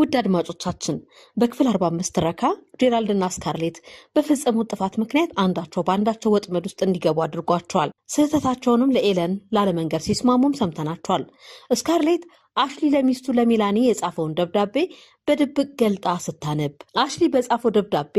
ውድ አድማጮቻችን በክፍል 45 ትረካ ጄራልድና ስካርሌት በፈጸሙት ጥፋት ምክንያት አንዳቸው በአንዳቸው ወጥመድ ውስጥ እንዲገቡ አድርጓቸዋል። ስህተታቸውንም ለኤለን ላለመንገድ ሲስማሙም ሰምተናቸዋል። ስካርሌት አሽሊ ለሚስቱ ለሚላኒ የጻፈውን ደብዳቤ በድብቅ ገልጣ ስታነብ አሽሊ በጻፈው ደብዳቤ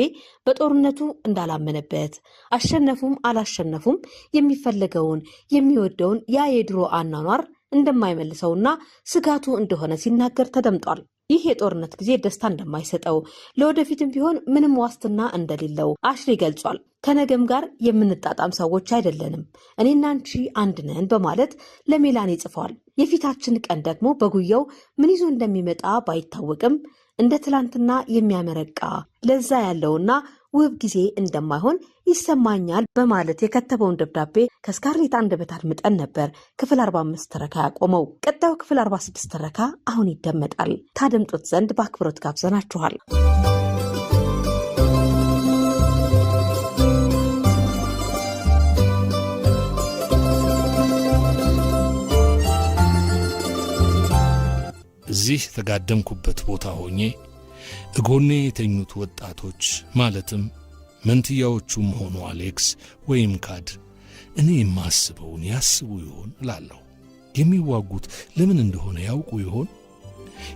በጦርነቱ እንዳላመነበት አሸነፉም አላሸነፉም የሚፈለገውን የሚወደውን ያ የድሮ አኗኗር እንደማይመልሰውና ስጋቱ እንደሆነ ሲናገር ተደምጧል። ይህ የጦርነት ጊዜ ደስታ እንደማይሰጠው ለወደፊትም ቢሆን ምንም ዋስትና እንደሌለው አሽሪ ገልጿል። ከነገም ጋር የምንጣጣም ሰዎች አይደለንም፣ እኔና አንቺ አንድ ነን በማለት ለሜላኒ ጽፏል። የፊታችን ቀን ደግሞ በጉያው ምን ይዞ እንደሚመጣ ባይታወቅም እንደ ትላንትና የሚያመረቃ ለዛ ያለውና ውብ ጊዜ እንደማይሆን ይሰማኛል በማለት የከተበውን ደብዳቤ ከስካርሌት አንደበት አድምጠን ነበር። ክፍል 45 ትረካ ያቆመው። ቀጣዩ ክፍል 46 ትረካ አሁን ይደመጣል። ታደምጡት ዘንድ በአክብሮት ጋብዘናችኋል። እዚህ የተጋደምኩበት ቦታ ሆኜ እጎኔ የተኙት ወጣቶች ማለትም መንትያዎቹም ሆኑ አሌክስ ወይም ካድ እኔ የማስበውን ያስቡ ይሆን እላለሁ። የሚዋጉት ለምን እንደሆነ ያውቁ ይሆን?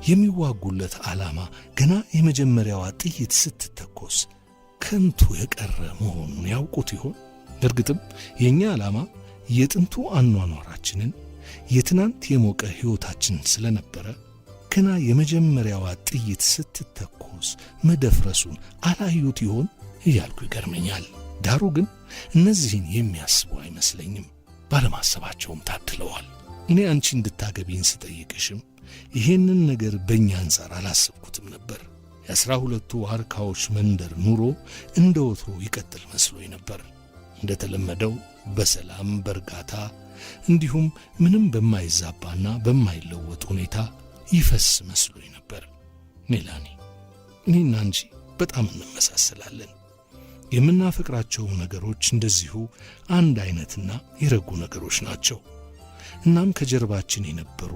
የሚዋጉለት ዓላማ ገና የመጀመሪያዋ ጥይት ስትተኮስ ከንቱ የቀረ መሆኑን ያውቁት ይሆን? እርግጥም የእኛ ዓላማ የጥንቱ አኗኗራችንን የትናንት የሞቀ ሕይወታችን ስለነበረ ገና የመጀመሪያዋ ጥይት ስትተኮስ መደፍረሱን አላዩት ይሆን እያልኩ ይገርመኛል። ዳሩ ግን እነዚህን የሚያስቡ አይመስለኝም። ባለማሰባቸውም ታድለዋል። እኔ አንቺ እንድታገቢኝ ስጠይቅሽም ይሄንን ነገር በእኛ አንጻር አላሰብኩትም ነበር። የአስራ ሁለቱ ዋርካዎች መንደር ኑሮ እንደ ወትሮ ይቀጥል መስሎኝ ነበር። እንደተለመደው በሰላም በእርጋታ እንዲሁም ምንም በማይዛባና በማይለወጥ ሁኔታ ይፈስ መስሎኝ ነበር። ኔላኒ እኔና አንቺ በጣም እንመሳሰላለን። የምናፈቅራቸው ነገሮች እንደዚሁ አንድ አይነትና የረጉ ነገሮች ናቸው። እናም ከጀርባችን የነበሩ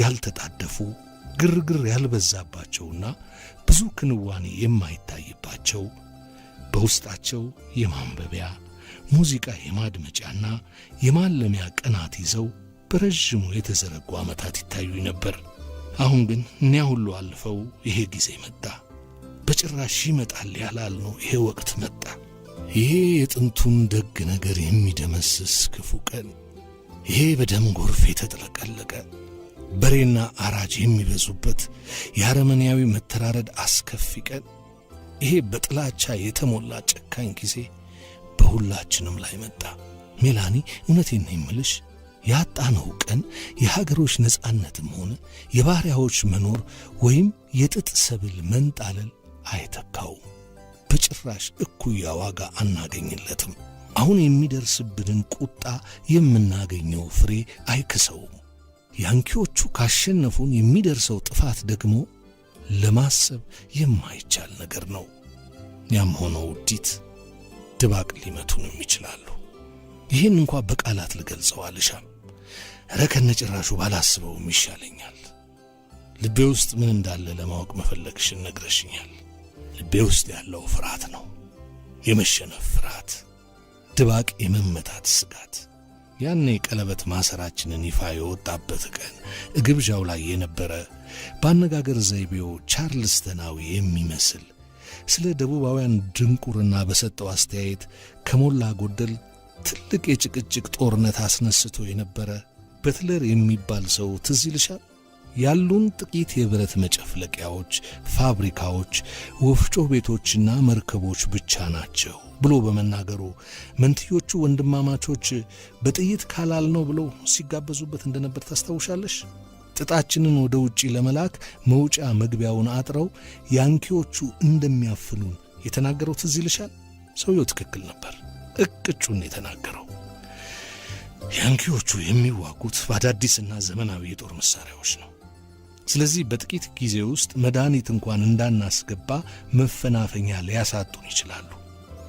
ያልተጣደፉ ግርግር ያልበዛባቸውና ብዙ ክንዋኔ የማይታይባቸው በውስጣቸው የማንበቢያ ሙዚቃ የማድመጫና የማለሚያ ቀናት ይዘው በረዥሙ የተዘረጉ ዓመታት ይታዩ ነበር። አሁን ግን እኒያ ሁሉ አልፈው ይሄ ጊዜ መጣ። በጭራሽ ይመጣል ነው ይሄ ወቅት መጣ። ይሄ የጥንቱን ደግ ነገር የሚደመስስ ክፉ ቀን፣ ይሄ በደም ጎርፍ የተጠለቀለቀ በሬና አራጅ የሚበዙበት የአረመኔያዊ መተራረድ አስከፊ ቀን፣ ይሄ በጥላቻ የተሞላ ጨካኝ ጊዜ በሁላችንም ላይ መጣ። ሜላኒ፣ እውነቴን የምልሽ ያጣነው ቀን የሀገሮች ነጻነትም ሆነ የባሪያዎች መኖር ወይም የጥጥ ሰብል መንጣለል አይተካውም። በጭራሽ እኩያ ዋጋ አናገኝለትም። አሁን የሚደርስብንን ቁጣ የምናገኘው ፍሬ አይክሰውም። ያንኪዎቹ ካሸነፉን የሚደርሰው ጥፋት ደግሞ ለማሰብ የማይቻል ነገር ነው። ያም ሆነ ውዲት ድባቅ ሊመቱንም ይችላሉ። ይህን እንኳ በቃላት ልገልጸው አልሻም። እረ ከነጭራሹ ባላስበውም ይሻለኛል። ልቤ ውስጥ ምን እንዳለ ለማወቅ መፈለግሽን ነግረሽኛል። ልቤ ውስጥ ያለው ፍርሃት ነው፣ የመሸነፍ ፍርሃት፣ ድባቅ የመመታት ስጋት። ያኔ ቀለበት ማሰራችንን ይፋ የወጣበት ቀን ግብዣው ላይ የነበረ በአነጋገር ዘይቤው ቻርልስተናዊ የሚመስል ስለ ደቡባውያን ድንቁርና በሰጠው አስተያየት ከሞላ ጎደል ትልቅ የጭቅጭቅ ጦርነት አስነስቶ የነበረ በትለር የሚባል ሰው ትዝ ይልሻል? ያሉን ጥቂት የብረት መጨፍለቂያዎች፣ ፋብሪካዎች፣ ወፍጮ ቤቶችና መርከቦች ብቻ ናቸው ብሎ በመናገሩ መንትዮቹ ወንድማማቾች በጥይት ካላል ነው ብለው ሲጋበዙበት እንደነበር ታስታውሻለሽ? ጥጣችንን ወደ ውጪ ለመላክ መውጫ መግቢያውን አጥረው ያንኪዎቹ እንደሚያፍኑን የተናገረው ትዝ ይልሻል? ሰውየው ትክክል ነበር። እቅጩን የተናገረው ያንኪዎቹ የሚዋጉት በአዳዲስና ዘመናዊ የጦር መሳሪያዎች ነው። ስለዚህ በጥቂት ጊዜ ውስጥ መድኃኒት እንኳን እንዳናስገባ መፈናፈኛ ሊያሳጡን ይችላሉ።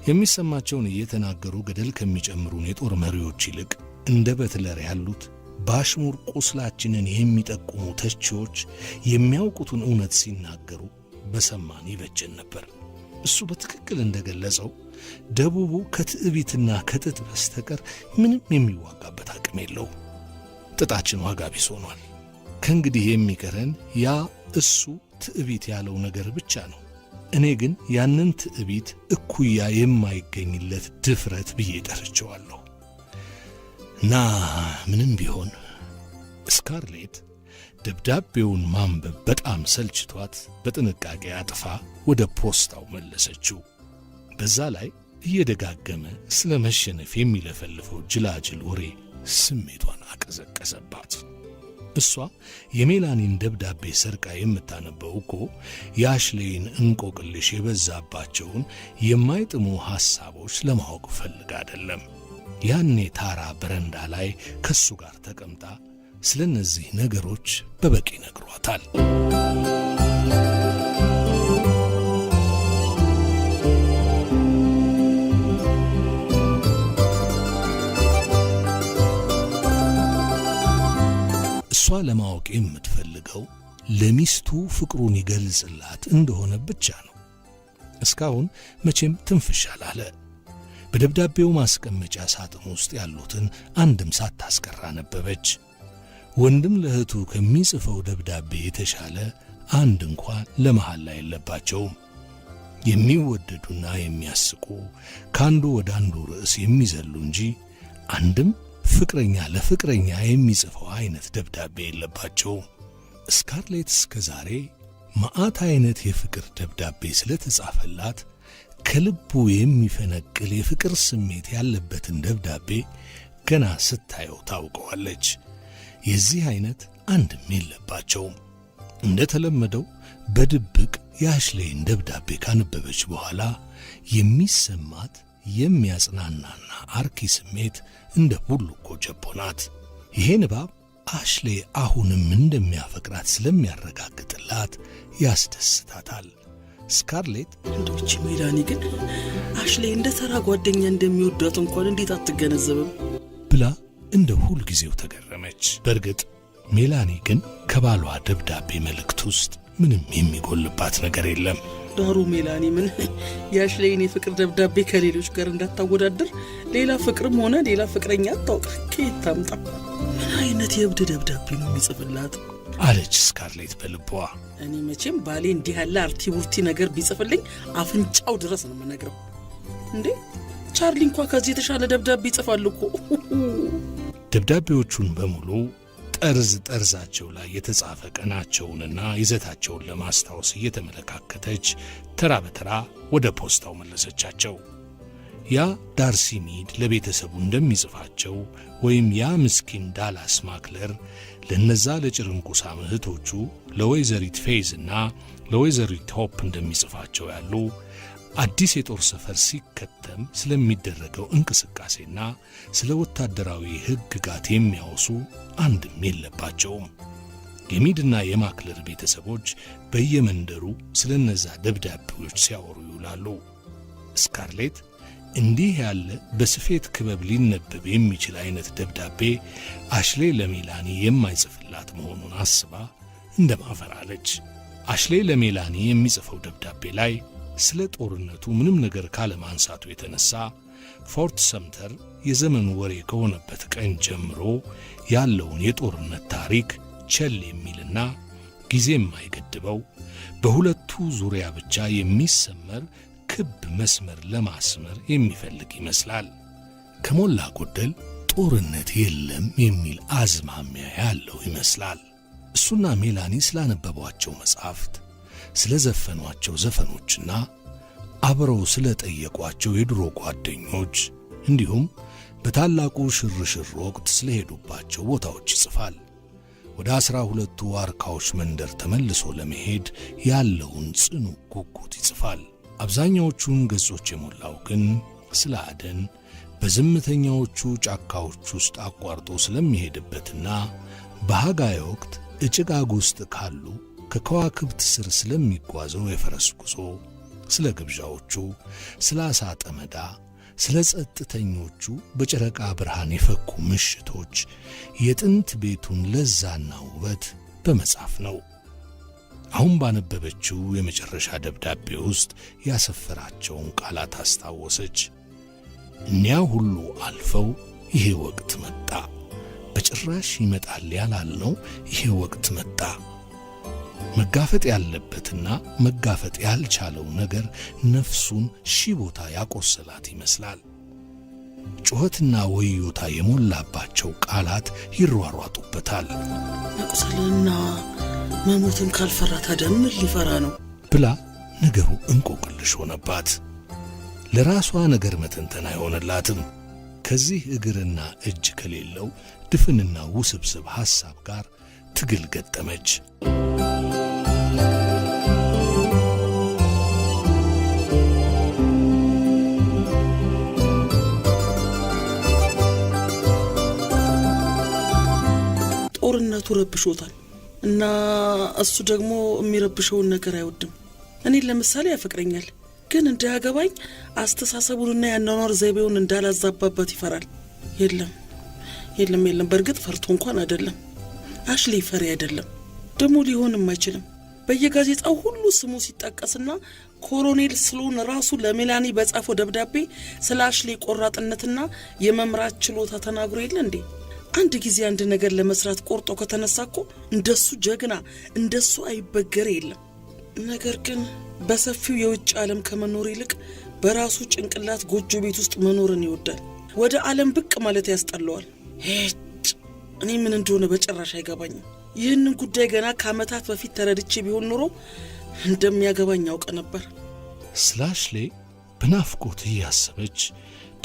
የሚሰማቸውን እየተናገሩ ገደል ከሚጨምሩን የጦር መሪዎች ይልቅ እንደ በትለር ያሉት በአሽሙር ቁስላችንን የሚጠቁሙ ተቺዎች የሚያውቁትን እውነት ሲናገሩ በሰማን ይበጀን ነበር። እሱ በትክክል እንደገለጸው ደቡቡ ከትዕቢትና ከጥጥ በስተቀር ምንም የሚዋጋበት አቅም የለው። ጥጣችን ዋጋ ቢስ ሆኗል። ከእንግዲህ የሚቀረን ያ እሱ ትዕቢት ያለው ነገር ብቻ ነው። እኔ ግን ያንን ትዕቢት እኩያ የማይገኝለት ድፍረት ብዬ ጠርቸዋለሁ። ና ምንም ቢሆን ስካርሌት ደብዳቤውን ማንበብ በጣም ሰልችቷት በጥንቃቄ አጥፋ ወደ ፖስታው መለሰችው። በዛ ላይ እየደጋገመ ስለ መሸነፍ የሚለፈልፈው ጅላጅል ወሬ ስሜቷን አቀዘቀዘባት። እሷ የሜላኒን ደብዳቤ ሰርቃ የምታነበው እኮ የአሽሌይን እንቆቅልሽ የበዛባቸውን የማይጥሙ ሐሳቦች ለማወቅ ፈልግ አይደለም። ያኔ ታራ በረንዳ ላይ ከሱ ጋር ተቀምጣ ስለ እነዚህ ነገሮች በበቂ ነግሯታል። እሷ ለማወቅ የምትፈልገው ለሚስቱ ፍቅሩን ይገልጽላት እንደሆነ ብቻ ነው። እስካሁን መቼም ትንፍሽ አላለ። በደብዳቤው ማስቀመጫ ሳጥን ውስጥ ያሉትን አንድም ሳታስቀራ ነበበች። ወንድም ለእህቱ ከሚጽፈው ደብዳቤ የተሻለ አንድ እንኳ ለመሐላ የለባቸውም። የሚወደዱና የሚያስቁ ከአንዱ ወደ አንዱ ርዕስ የሚዘሉ እንጂ አንድም ፍቅረኛ ለፍቅረኛ የሚጽፈው አይነት ደብዳቤ የለባቸው። ስካርሌት እስከ ዛሬ መዓት አይነት የፍቅር ደብዳቤ ስለተጻፈላት ከልቡ የሚፈነቅል የፍቅር ስሜት ያለበትን ደብዳቤ ገና ስታየው ታውቀዋለች። የዚህ አይነት አንድም የለባቸውም። እንደ ተለመደው በድብቅ የአሽሌይን ደብዳቤ ካነበበች በኋላ የሚሰማት የሚያጽናናና አርኪ ስሜት እንደ ሁሉ እኮ ጀቦ ናት። ይሄ ንባብ አሽሌ አሁንም እንደሚያፈቅራት ስለሚያረጋግጥላት ያስደስታታል። ስካርሌት እንዶች ሜላኒ ግን አሽሌ እንደ ተራ ጓደኛ እንደሚወዳት እንኳን እንዴት አትገነዘብም ብላ እንደ ሁልጊዜው ተገረመች። በእርግጥ ሜላኒ ግን ከባሏ ደብዳቤ መልእክት ውስጥ ምንም የሚጎልባት ነገር የለም። ዳሩ ሜላኒ ምን ያሽ የፍቅር ደብዳቤ ከሌሎች ጋር እንዳታወዳድር ሌላ ፍቅርም ሆነ ሌላ ፍቅረኛ አታውቅ። ከየት ታምጣ? ምን አይነት የእብድ ደብዳቤ ነው የሚጽፍላት? አለች ስካርሌት በልቧ። እኔ መቼም ባሌ እንዲህ ያለ አርቲ ቡርቲ ነገር ቢጽፍልኝ አፍንጫው ድረስ ነው የምነግረው። እንዴ ቻርሊ እንኳ ከዚህ የተሻለ ደብዳቤ ይጽፋል እኮ። ደብዳቤዎቹን በሙሉ ጠርዝ ጠርዛቸው ላይ የተጻፈ ቀናቸውንና ይዘታቸውን ለማስታወስ እየተመለካከተች ተራ በተራ ወደ ፖስታው መለሰቻቸው። ያ ዳርሲሚድ ለቤተሰቡ እንደሚጽፋቸው ወይም ያ ምስኪን ዳላስ ማክለር ለነዛ ለጭርንቁሳ ምህቶቹ ለወይዘሪት ፌይዝና ለወይዘሪት ሆፕ እንደሚጽፋቸው ያሉ አዲስ የጦር ሰፈር ሲከተም ስለሚደረገው እንቅስቃሴና ስለ ወታደራዊ ሕግጋት የሚያወሱ አንድም የለባቸውም። የሚድና የማክለር ቤተሰቦች በየመንደሩ ስለ እነዛ ደብዳቤዎች ሲያወሩ ይውላሉ። ስካርሌት እንዲህ ያለ በስፌት ክበብ ሊነበብ የሚችል አይነት ደብዳቤ አሽሌ ለሜላኒ የማይጽፍላት መሆኑን አስባ እንደማፈራለች። አሽሌ ለሜላኒ የሚጽፈው ደብዳቤ ላይ ስለ ጦርነቱ ምንም ነገር ካለማንሳቱ የተነሳ ፎርት ሰምተር የዘመኑ ወሬ ከሆነበት ቀን ጀምሮ ያለውን የጦርነት ታሪክ ቸል የሚልና ጊዜ የማይገድበው በሁለቱ ዙሪያ ብቻ የሚሰመር ክብ መስመር ለማስመር የሚፈልግ ይመስላል። ከሞላ ጎደል ጦርነት የለም የሚል አዝማሚያ ያለው ይመስላል። እሱና ሜላኒ ስላነበቧቸው መጻሕፍት ስለ ዘፈኗቸው ዘፈኖችና አብረው ስለ ጠየቋቸው የድሮ ጓደኞች እንዲሁም በታላቁ ሽርሽር ወቅት ስለሄዱባቸው ቦታዎች ይጽፋል። ወደ ዐሥራ ሁለቱ ዋርካዎች መንደር ተመልሶ ለመሄድ ያለውን ጽኑ ጉጉት ይጽፋል። አብዛኛዎቹን ገጾች የሞላው ግን ስለ አደን በዝምተኛዎቹ ጫካዎች ውስጥ አቋርጦ ስለሚሄድበትና በሐጋይ ወቅት እጭጋግ ውስጥ ካሉ ከከዋክብት ስር ስለሚጓዘው የፈረስ ጉዞ፣ ስለ ግብዣዎቹ፣ ስለ አሳ ጠመዳ፣ ስለ ጸጥተኞቹ በጨረቃ ብርሃን የፈኩ ምሽቶች የጥንት ቤቱን ለዛና ውበት በመጻፍ ነው። አሁን ባነበበችው የመጨረሻ ደብዳቤ ውስጥ ያሰፈራቸውን ቃላት አስታወሰች። እኒያ ሁሉ አልፈው ይሄ ወቅት መጣ። በጭራሽ ይመጣል ያላልነው ይሄ ወቅት መጣ። መጋፈጥ ያለበትና መጋፈጥ ያልቻለው ነገር ነፍሱን ሺህ ቦታ ያቆስላት ይመስላል። ጩኸትና ወዮታ የሞላባቸው ቃላት ይሯሯጡበታል። መቁሰልና መሞትን ካልፈራ ታዲያ ሊፈራ ነው? ብላ ነገሩ እንቆቅልሽ ሆነባት። ለራሷ ነገር መተንተን አይሆንላትም። ከዚህ እግርና እጅ ከሌለው ድፍንና ውስብስብ ሐሳብ ጋር ትግል ገጠመች። ጦርነቱ ረብሾታል እና እሱ ደግሞ የሚረብሸውን ነገር አይወድም። እኔን ለምሳሌ ያፈቅረኛል፣ ግን እንዳያገባኝ አስተሳሰቡንና የአኗኗር ዘይቤውን እንዳላዛባበት ይፈራል። የለም የለም የለም፣ በእርግጥ ፈርቶ እንኳን አይደለም አሽሌ ፈሪ አይደለም፣ ደግሞ ሊሆንም አይችልም። በየጋዜጣው ሁሉ ስሙ ሲጠቀስና ኮሎኔል ስሎን ራሱ ለሜላኒ በጻፈው ደብዳቤ ስለ አሽሌ ቆራጥነትና የመምራት ችሎታ ተናግሮ የለ እንዴ? አንድ ጊዜ አንድ ነገር ለመስራት ቆርጦ ከተነሳ እኮ እንደሱ ጀግና እንደሱ አይበገር የለም። ነገር ግን በሰፊው የውጭ ዓለም ከመኖር ይልቅ በራሱ ጭንቅላት ጎጆ ቤት ውስጥ መኖርን ይወዳል። ወደ ዓለም ብቅ ማለት ያስጠላዋል። እኔ ምን እንደሆነ በጭራሽ አይገባኝም። ይህንን ጉዳይ ገና ከዓመታት በፊት ተረድቼ ቢሆን ኖሮ እንደሚያገባኝ ያውቅ ነበር። ስላሽሌ በናፍቆት እያሰበች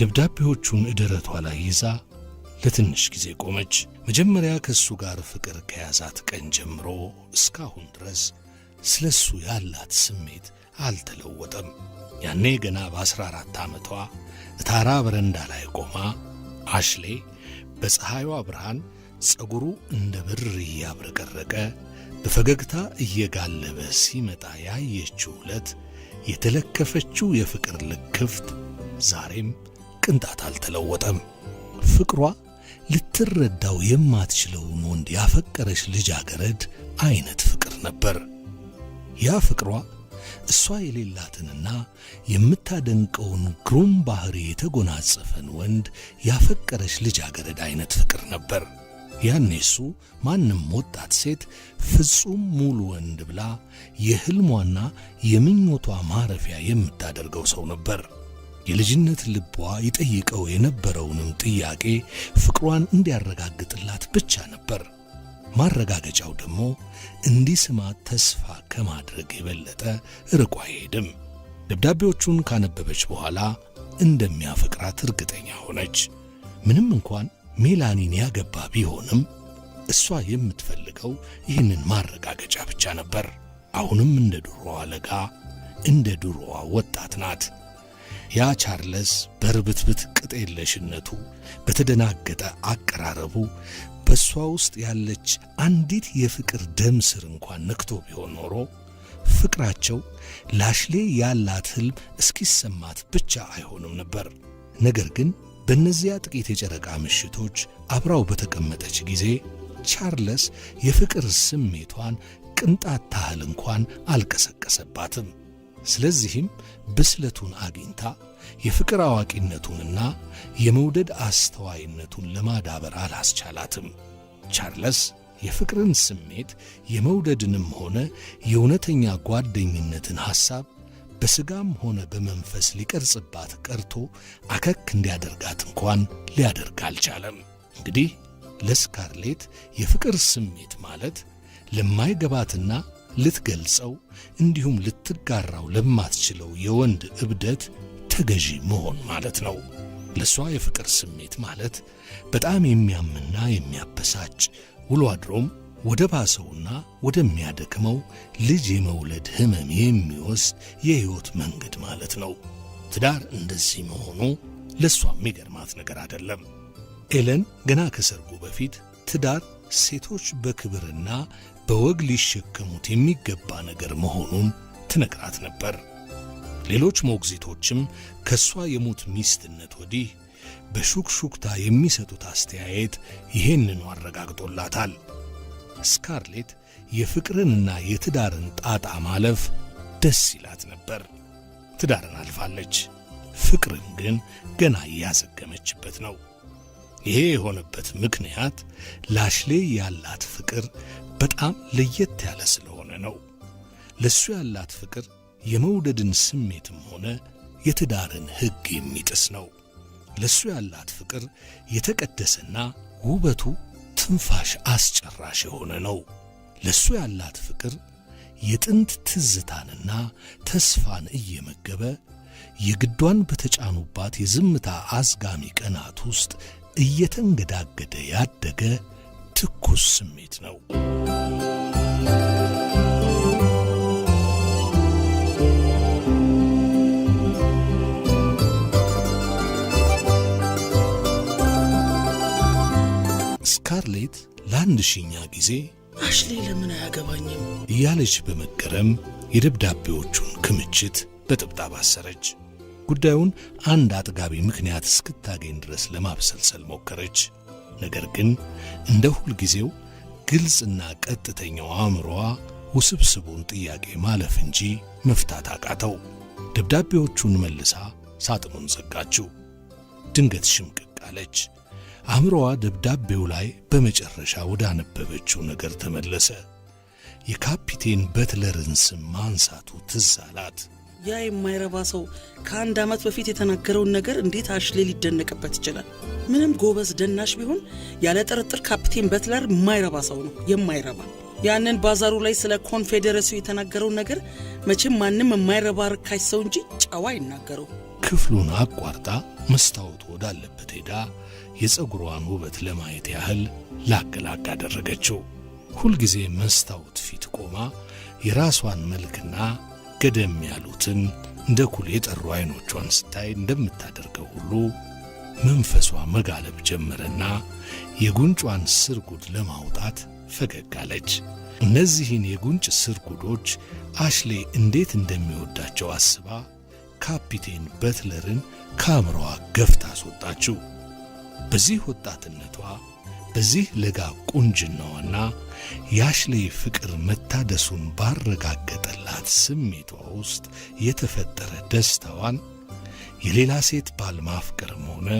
ደብዳቤዎቹን እደረቷ ላይ ይዛ ለትንሽ ጊዜ ቆመች። መጀመሪያ ከእሱ ጋር ፍቅር ከያዛት ቀን ጀምሮ እስካሁን ድረስ ስለ እሱ ያላት ስሜት አልተለወጠም። ያኔ ገና በአስራ አራት ዓመቷ እታራ በረንዳ ላይ ቆማ አሽሌ በፀሐይዋ ብርሃን ፀጉሩ እንደ ብር እያብረቀረቀ በፈገግታ እየጋለበ ሲመጣ ያየችው ዕለት የተለከፈችው የፍቅር ልክፍት ዛሬም ቅንጣት አልተለወጠም። ፍቅሯ ልትረዳው የማትችለውን ወንድ ያፈቀረች ልጃገረድ አይነት ፍቅር ነበር። ያ ፍቅሯ እሷ የሌላትንና የምታደንቀውን ግሩም ባህሪ የተጎናጸፈን ወንድ ያፈቀረች ልጃገረድ አይነት ፍቅር ነበር። ያኔ እሱ ማንም ወጣት ሴት ፍጹም ሙሉ ወንድ ብላ የህልሟና የምኞቷ ማረፊያ የምታደርገው ሰው ነበር። የልጅነት ልቧ ይጠይቀው የነበረውንም ጥያቄ ፍቅሯን እንዲያረጋግጥላት ብቻ ነበር። ማረጋገጫው ደግሞ እንዲስማት ተስፋ ከማድረግ የበለጠ ርቆ አይሄድም። ደብዳቤዎቹን ካነበበች በኋላ እንደሚያፈቅራት እርግጠኛ ሆነች። ምንም እንኳን ሜላኒን ያገባ ቢሆንም እሷ የምትፈልገው ይህንን ማረጋገጫ ብቻ ነበር። አሁንም እንደ ድሮዋ ለጋ፣ እንደ ድሮዋ ወጣት ናት። ያ ቻርለስ በርብትብት ቅጥ የለሽነቱ፣ በተደናገጠ አቀራረቡ በእሷ ውስጥ ያለች አንዲት የፍቅር ደም ስር እንኳን ነክቶ ቢሆን ኖሮ ፍቅራቸው ላሽሌ ያላት ህልም እስኪሰማት ብቻ አይሆንም ነበር። ነገር ግን በእነዚያ ጥቂት የጨረቃ ምሽቶች አብራው በተቀመጠች ጊዜ ቻርለስ የፍቅር ስሜቷን ቅንጣት ታህል እንኳን አልቀሰቀሰባትም። ስለዚህም ብስለቱን አግኝታ የፍቅር አዋቂነቱንና የመውደድ አስተዋይነቱን ለማዳበር አላስቻላትም። ቻርለስ የፍቅርን ስሜት የመውደድንም ሆነ የእውነተኛ ጓደኝነትን ሐሳብ በስጋም ሆነ በመንፈስ ሊቀርጽባት ቀርቶ አከክ እንዲያደርጋት እንኳን ሊያደርግ አልቻለም። እንግዲህ ለስካርሌት የፍቅር ስሜት ማለት ለማይገባትና ልትገልጸው እንዲሁም ልትጋራው ለማትችለው የወንድ እብደት ተገዢ መሆን ማለት ነው። ለእሷ የፍቅር ስሜት ማለት በጣም የሚያምና የሚያበሳጭ ውሎ አድሮም ወደ ባሰውና ወደሚያደክመው ልጅ የመውለድ ህመም የሚወስድ የሕይወት መንገድ ማለት ነው። ትዳር እንደዚህ መሆኑ ለእሷ የሚገርማት ነገር አይደለም። ኤለን ገና ከሰርጉ በፊት ትዳር ሴቶች በክብርና በወግ ሊሸከሙት የሚገባ ነገር መሆኑን ትነግራት ነበር። ሌሎች ሞግዚቶችም ከእሷ የሙት ሚስትነት ወዲህ በሹክሹክታ የሚሰጡት አስተያየት ይህንኑ አረጋግጦላታል። ስካርሌት የፍቅርንና የትዳርን ጣጣ ማለፍ ደስ ይላት ነበር። ትዳርን አልፋለች፣ ፍቅርን ግን ገና እያዘገመችበት ነው። ይሄ የሆነበት ምክንያት ላሽሌ ያላት ፍቅር በጣም ለየት ያለ ስለሆነ ነው። ለሱ ያላት ፍቅር የመውደድን ስሜትም ሆነ የትዳርን ሕግ የሚጥስ ነው። ለሱ ያላት ፍቅር የተቀደሰና ውበቱ ትንፋሽ አስጨራሽ የሆነ ነው። ለእሱ ያላት ፍቅር የጥንት ትዝታንና ተስፋን እየመገበ የግዷን በተጫኑባት የዝምታ አዝጋሚ ቀናት ውስጥ እየተንገዳገደ ያደገ ትኩስ ስሜት ነው። ስካርሌት ለአንድ ሺኛ ጊዜ አሽሌ ለምን አያገባኝም እያለች በመገረም የደብዳቤዎቹን ክምችት በጥብጣብ አሰረች። ጉዳዩን አንድ አጥጋቢ ምክንያት እስክታገኝ ድረስ ለማብሰልሰል ሞከረች። ነገር ግን እንደ ሁልጊዜው ግልጽና ቀጥተኛው አእምሮዋ ውስብስቡን ጥያቄ ማለፍ እንጂ መፍታት አቃተው። ደብዳቤዎቹን መልሳ ሳጥኑን ዘጋችው። ድንገት ሽምቅቅ አለች። አእምሮዋ ደብዳቤው ላይ በመጨረሻ ወዳነበበችው ነገር ተመለሰ። የካፒቴን በትለርን ስም ማንሳቱ ትዝ አላት። ያ የማይረባ ሰው ከአንድ ዓመት በፊት የተናገረውን ነገር እንዴት አሽሌ ሊደነቅበት ይችላል? ምንም ጎበዝ ደናሽ ቢሆን ያለ ጥርጥር ካፕቴን በትለር የማይረባ ሰው ነው። የማይረባ ያንን ባዛሩ ላይ ስለ ኮንፌዴሬሲው የተናገረውን ነገር መቼም ማንም የማይረባ ርካሽ ሰው እንጂ ጨዋ አይናገረው። ክፍሉን አቋርጣ መስታወት ወዳለበት ሄዳ የፀጉሯን ውበት ለማየት ያህል ላቅላቅ አደረገችው። ሁልጊዜ መስታወት ፊት ቆማ የራሷን መልክና ገደም ያሉትን እንደ ኩል የጠሩ ዐይኖቿን ስታይ እንደምታደርገው ሁሉ መንፈሷ መጋለብ ጀመረና የጉንጯን ስርጉድ ለማውጣት ፈገግ አለች። እነዚህን የጉንጭ ስርጉዶች አሽሌ እንዴት እንደሚወዳቸው አስባ ካፒቴን በትለርን ከአእምሮዋ ገፍታ አስወጣችው። በዚህ ወጣትነቷ በዚህ ለጋ ቁንጅናዋና የአሽሌ ፍቅር መታደሱን ባረጋገጠላት ስሜቷ ውስጥ የተፈጠረ ደስታዋን የሌላ ሴት ባል ማፍቀርም ሆነ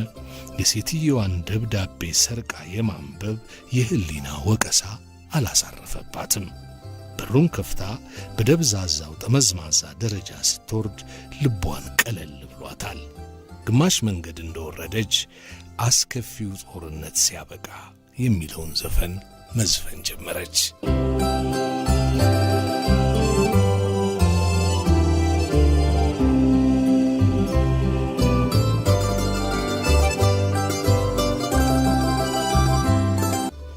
የሴትየዋን ደብዳቤ ሰርቃ የማንበብ የሕሊና ወቀሳ አላሳረፈባትም። በሩን ከፍታ በደብዛዛው ጠመዝማዛ ደረጃ ስትወርድ ልቧን ቀለል ብሏታል። ግማሽ መንገድ እንደወረደች አስከፊው ጦርነት ሲያበቃ የሚለውን ዘፈን መዝፈን ጀመረች።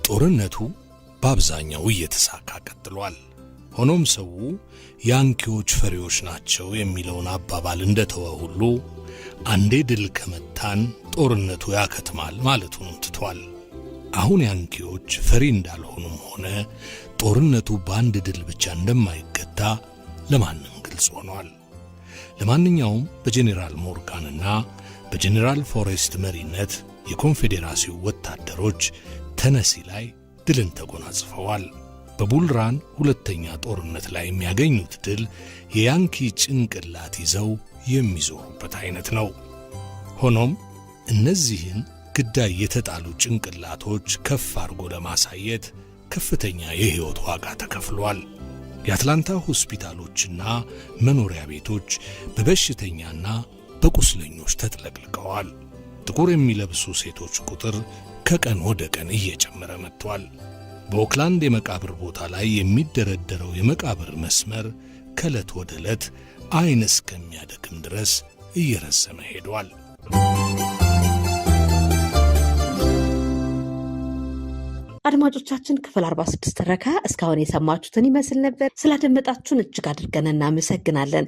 ጦርነቱ በአብዛኛው እየተሳካ ቀጥሏል። ሆኖም ሰው ያንኪዎች ፈሪዎች ናቸው የሚለውን አባባል እንደተወ ሁሉ አንዴ ድል ከመታን ጦርነቱ ያከትማል ማለቱንም ትቷል። አሁን ያንኪዎች ፈሪ እንዳልሆኑም ሆነ ጦርነቱ በአንድ ድል ብቻ እንደማይገታ ለማንም ግልጽ ሆኗል። ለማንኛውም በጄኔራል ሞርጋንና በጄኔራል ፎሬስት መሪነት የኮንፌዴራሲው ወታደሮች ተነሲ ላይ ድልን ተጎናጽፈዋል። በቡልራን ሁለተኛ ጦርነት ላይ የሚያገኙት ድል የያንኪ ጭንቅላት ይዘው የሚዞሩበት አይነት ነው። ሆኖም እነዚህን ግዳይ የተጣሉ ጭንቅላቶች ከፍ አድርጎ ለማሳየት ከፍተኛ የሕይወት ዋጋ ተከፍሏል። የአትላንታ ሆስፒታሎችና መኖሪያ ቤቶች በበሽተኛና በቁስለኞች ተጥለቅልቀዋል። ጥቁር የሚለብሱ ሴቶች ቁጥር ከቀን ወደ ቀን እየጨመረ መጥቷል። በኦክላንድ የመቃብር ቦታ ላይ የሚደረደረው የመቃብር መስመር ከዕለት ወደ ዕለት ዐይን እስከሚያደክም ድረስ እየረዘመ ሄዷል። አድማጮቻችን ክፍል 46 ትረካ እስካሁን የሰማችሁትን ይመስል ነበር። ስላደመጣችሁን እጅግ አድርገን እናመሰግናለን።